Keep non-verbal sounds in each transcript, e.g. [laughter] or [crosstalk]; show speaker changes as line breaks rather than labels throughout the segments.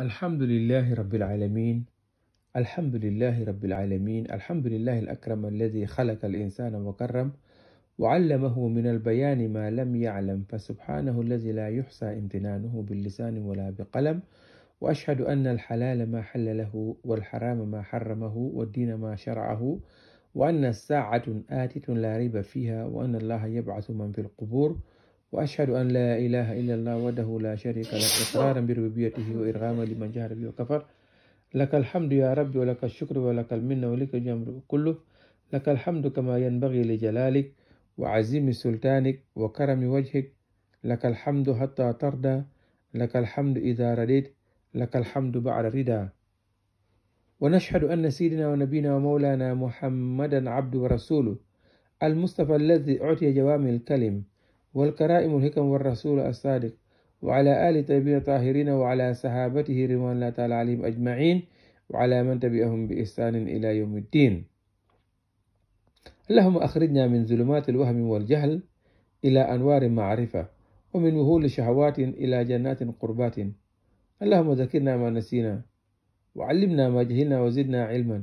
الحمد لله رب العالمين الحمد لله رب العالمين الحمد لله الأكرم الذي خلق الإنسان وكرم وعلمه من البيان ما لم يعلم فسبحانه الذي لا يحصى امتنانه باللسان ولا بقلم وأشهد أن الحلال ما حل له والحرام ما حرمه والدين ما شرعه وأن الساعة آتة لا ريب فيها وأن الله يبعث من في القبور وأشهد أن لا إله إلا الله وحده لا شريك له إقرارا بربوبيته وإرغاما لمن جهر به وكفر لك الحمد يا ربي ولك الشكر ولك المنة ولك الجمر كله لك الحمد كما ينبغي لجلالك وعزيم سلطانك وكرم وجهك لك الحمد حتى ترضى لك الحمد إذا رديت لك الحمد بعد رضا ونشهد أن سيدنا ونبينا ومولانا محمدا عبد ورسوله المصطفى الذي أعطي جوامع الكلم والكرائم الهكم والرسول الصادق وعلى آل تابعين طاهرين وعلى صحابته رضوان الله تعالى عليهم أجمعين وعلى من تبعهم بإحسان إلى يوم الدين اللهم أخرجنا من ظلمات الوهم والجهل إلى أنوار المعرفة ومن وهول شهوات إلى جنات قربات اللهم ذكرنا ما نسينا وعلمنا ما جهلنا وزدنا علما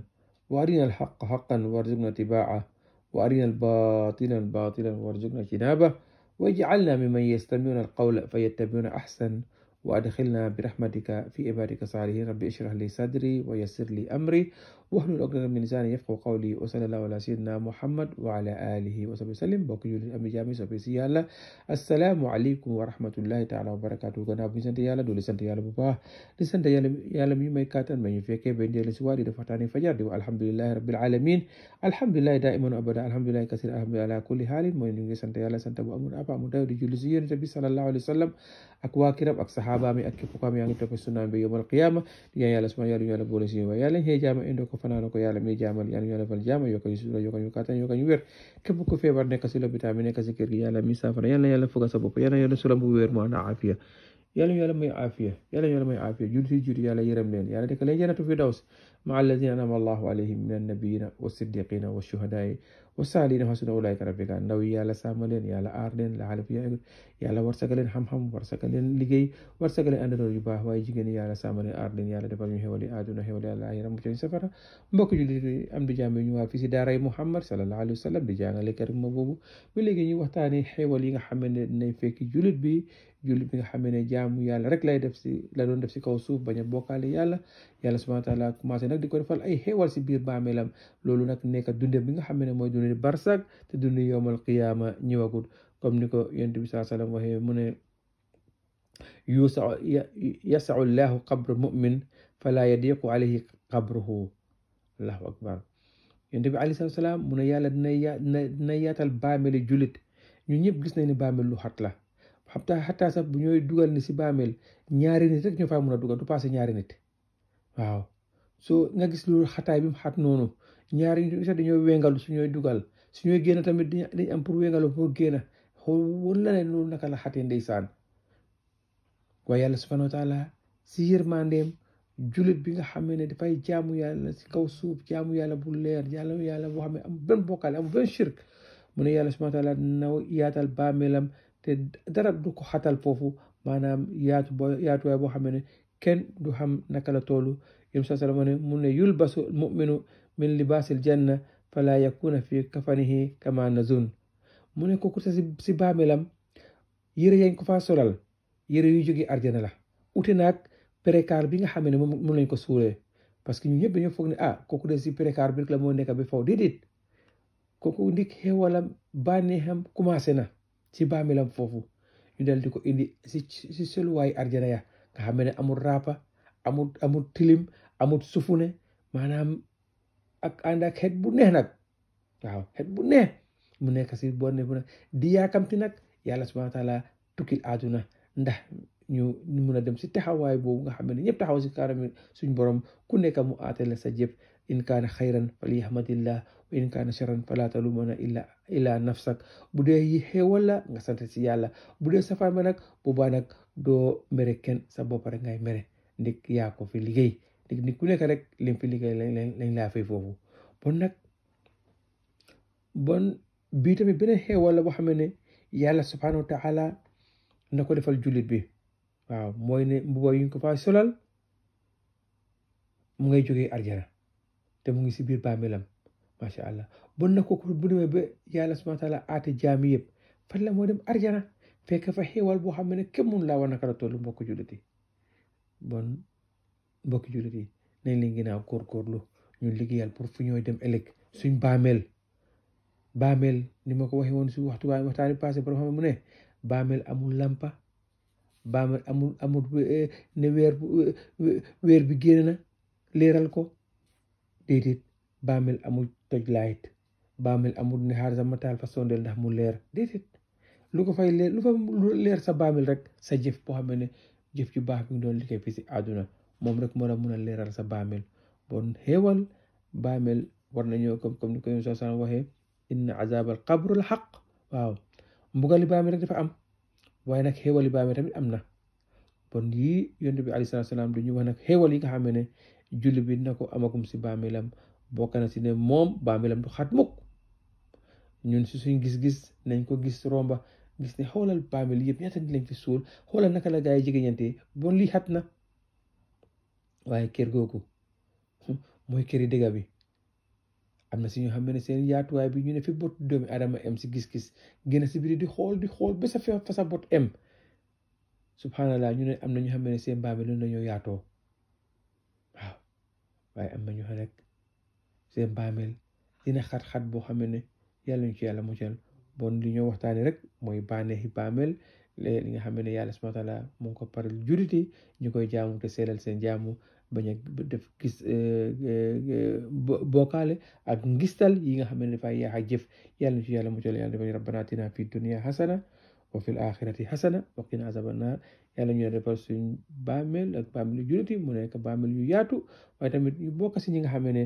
وأرنا الحق حقا وارزقنا اتباعه وأرنا الباطل باطلا وارزقنا اجتنابه واجعلنا ممن يستمعون القول فيتبعون أحسن وأدخلنا برحمتك في عبادك الصالحين رب اشرح لي صدري ويسر لي أمري وحلو الأقنة من لساني يفقه قولي وصلى الله على سيدنا محمد وعلى آله وصحبه وسلم بقي الأمي جامي صحبه السلام عليكم ورحمة الله تعالى وبركاته وقنا بني سنتي يالا دولي سنتي يالا بابا دولي سنتي يالا مي مي كاتن من يفيك بين جالي سواري دفعتاني فجر دي والحمد لله رب العالمين الحمد لله دائما وأبدا الحمد لله كثير أهم على كل حال من ينجي سنتي يالا سنتي وأمر أبا مدعو دي جولي سيون جبي صلى الله عليه وسلم أكوا كرب أك صحابة مي أكي فقامي تفسنا بيوم القيامة يا يالا سمع يالا يالا بولي سيون ويالا جامع إندوك fanaana ko yàlla mi jaamal yàlla ñu yàlla fal jaamal yokk ñu sutura yokk ñu kàttan yokk ñu wér képp ku feebar nekk si lopitaan bi nekk si kër gi yàlla mi saafara yàlla yàlla foga sa bopp yàlla yàlla sulam bu wér mu ànd aafiya yàlla yàlla may aafiya yàlla yàlla may aafiya jur si jur yàlla yërëm leen yàlla dëkk leen janatu fi daws maa alladina anama allahu alayhim min annabiina wa siddiqina wa shuhadaai wa saaliina xasuna ulaayka rafiqa ndaw yi yàlla sàmm leen yàlla aar leen laxalif yàlla warsaka leen xam-xam warsaka leen liggéey warsaka leen àndandoo yu baax waaye jigéen yi yàlla sàmm leen aar leen yàlla defal ñu xewali àdduna xewali àllaaxira mu ci safara mbokk ju di am di jàmm ñu waa fii si daaray Muhammad sallallahu alayhi wa sallam di jàngale kër ma boobu ba léegi ñu waxtaanee xewal yi nga xam ne nay fekk julit bi jullit bi nga xamee ne jaamu yàlla rek lay def si la doon def si kaw suuf bañ a bokkaale yàlla yàlla subhaana taala commencé nag di ko defal ay xéewal si biir bàmmeelam loolu nag nekk dunde bi nga xamee ne mooy dunde barsak te dunde yowmal qiyaama ñëwagut comme ni ko yonent bi sa sallam waxee mu ne yusa yasaau llahu qabra mumin fala yadiqu alayhi qabruhu allahu akbar yonent bi alayhi salaam mu ne yàlla dina dina yaatal bàmmeeli jullit ñu ñëpp gis nañ ne bàmmeel lu xat la xam ta xataa bu ñooy dugal ni si bàmmeel ñaari nit rek ñoo a dugal du passé xataay bi mu noonu ñaari nit sax dañoo wengalu su ñooy dugal su pour wengalu pour génn xool la ne loolu naka la xatee julit bi nga xamee ne dafay jaamu yàlla si kaw suuf jaamu yàlla bu leer yàlla yàlla boo xam ne am benn bokkaale am benn shirk mu ne yàlla subhanahu wa na yaatal bàmmeelam te dara du ko xatal foofu maanaam yaatu bo yaatuwaay boo xam ne kenn du xam naka la toolu yém sa salama ne mun ne yulbasu muminu min libaasil janna fala yakuna fi kafanihi kama nazun mu ne ko sa si baamelam yëre yañ ko solal yëre yu jóge arjana la ute naag précaire bi nga xam ne moom mun lañ ko suuree parce que ñu ñëpp dañoo foog ni ah kooku de si précaire bi rek la moo nekk ba faw déedéet kooku ndik xewalam bànneexam commencé na ci bàmmilam foofu ñu dal di ko indi si si sëluwaayu arjana ya nga xam ne amul raapa amul amul tilim amul sufune maanaam ak ànd ak bu neex nag waaw xet bu neex mu nekk si bor ne bu nag di yaakamti nag yàlla subhana taala tukkil àdduna ndax ñu mun a dem si taxawaay boobu nga xam ne ñëpp taxaw si kaarami suñ borom ku nekk mu aate la sa jëf in kaana xayran fali yahmadillah wa in kaana charan fala talumana illa illa nafsak bu dee yi nga sant si yàlla bu dee safaan ba nag boobaa nag doo mere kenn sa bopp rek ngay mere ndik yaa ko fi liggéey ndik ku nekk rek lim fi liggéey lañ laa fay foofu bon nag bon bii tamit beneen xéewal boo xam ne yàlla subhanahu wa taala na ko defal jullit bi waaw mooy ne mbuba yuñ ko fa solal mu ngay jógee arjana te mu ngi si biir bàmmeelam macha allah bon na kooku bu demee ba yàlla subhana taala aate jaami yëpp fan la moo dem arjana fekk fa xéewal boo xam ne kenn mun laa war naka la toll mbokk julliti bon mbokk julliti nañ leen ginnaaw góorgóorlu ñu liggéeyal pour fu ñooy dem ëllëg suñ bàmmeel bàmmeel ni ma ko waxee woon si waxtu waa waxtaani passé borom xam ne bàmmeel amul lampa baamat amul amul eh, ne weer eh, weer bi génn na leeral ko déedéet baamel amul toj laayit baamel amul ne xaar sama taal fa sondeel ndax mu leer déedéet lu ko fay leer lu fa leer sa baamel rek sa jëf boo xam ne jëf ju baax bi nga doon liggéey fii si àdduna moom rek moo la mun a leeral sa baamel bon xéewal baamel war nañoo comme comme ni ko yéen soo waxee inna azabal qabru al xaq waaw mbugali baamel rek dafa am. waaye nag xéewal yi bàmmeel tamit am na bon yii yonent bi alayhi salaatu salaam ñu wax nag xéewal yi nga xam ne julli bi na ko amakum si bàmmeelam bokk na si ne moom bàmmeelam du xat mukk ñun si suñ gis-gis nañ ko gis romba gis ne xoolal bàmmeel yëpp ñaata lañ fi suul xoolal naka la gaa yi jigéeñante bon lii xat na waaye kër googu [laughs] mooy këri dëgg bi am na si ñoo xam ne seen yaatuwaay bi ñu ne fi bot doomi adama m si gis-gis gën a si biir di xool di xool ba a fa fa sa bot m subhanallah ñu ne am na ñu xam ne seen bàmmeel noonu la waaye am na ñu xam rek seen dina xat-xat boo xam ne yàlla ñu ci yàlla muccal bon li ñoo waxtaanee rek mooy bànneexi bàmmeel li nga xam ne yàlla subhanahu wa taala mu ngi ko juriti ñu koy jaamu te seelal seen jaamu banyak a def gis eh, eh, eh, bokale ak ngistal yi nga xam ne dafay a jëf ya na ci yàlla muccal yàlla defal rabbana atina fi dunia hasana wa fil akhirati hasana wa qina azaban naar yàlla ñu defal suñ bàmmeel ak bàmmeel yu julliti mu nekk bàmmeel yu yaatu waaye tamit ñu bokk si ñi nga xam ne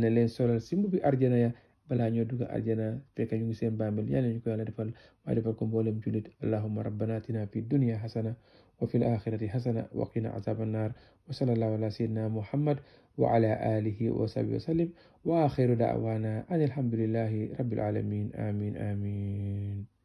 na leen solal si mbubi arjana ya balaa ñoo dugg arjana fekk ñu ngi seen bàmmeel yàlla ñu ko yàlla defal waaye defal ko mboolem jullit allahuma rabbana atina fi dunia hasana وفي الآخرة حسنة وقنا عذاب النار وصلى الله على سيدنا محمد وعلى آله وصحبه وسلم وآخر دعوانا أن الحمد لله رب العالمين آمين آمين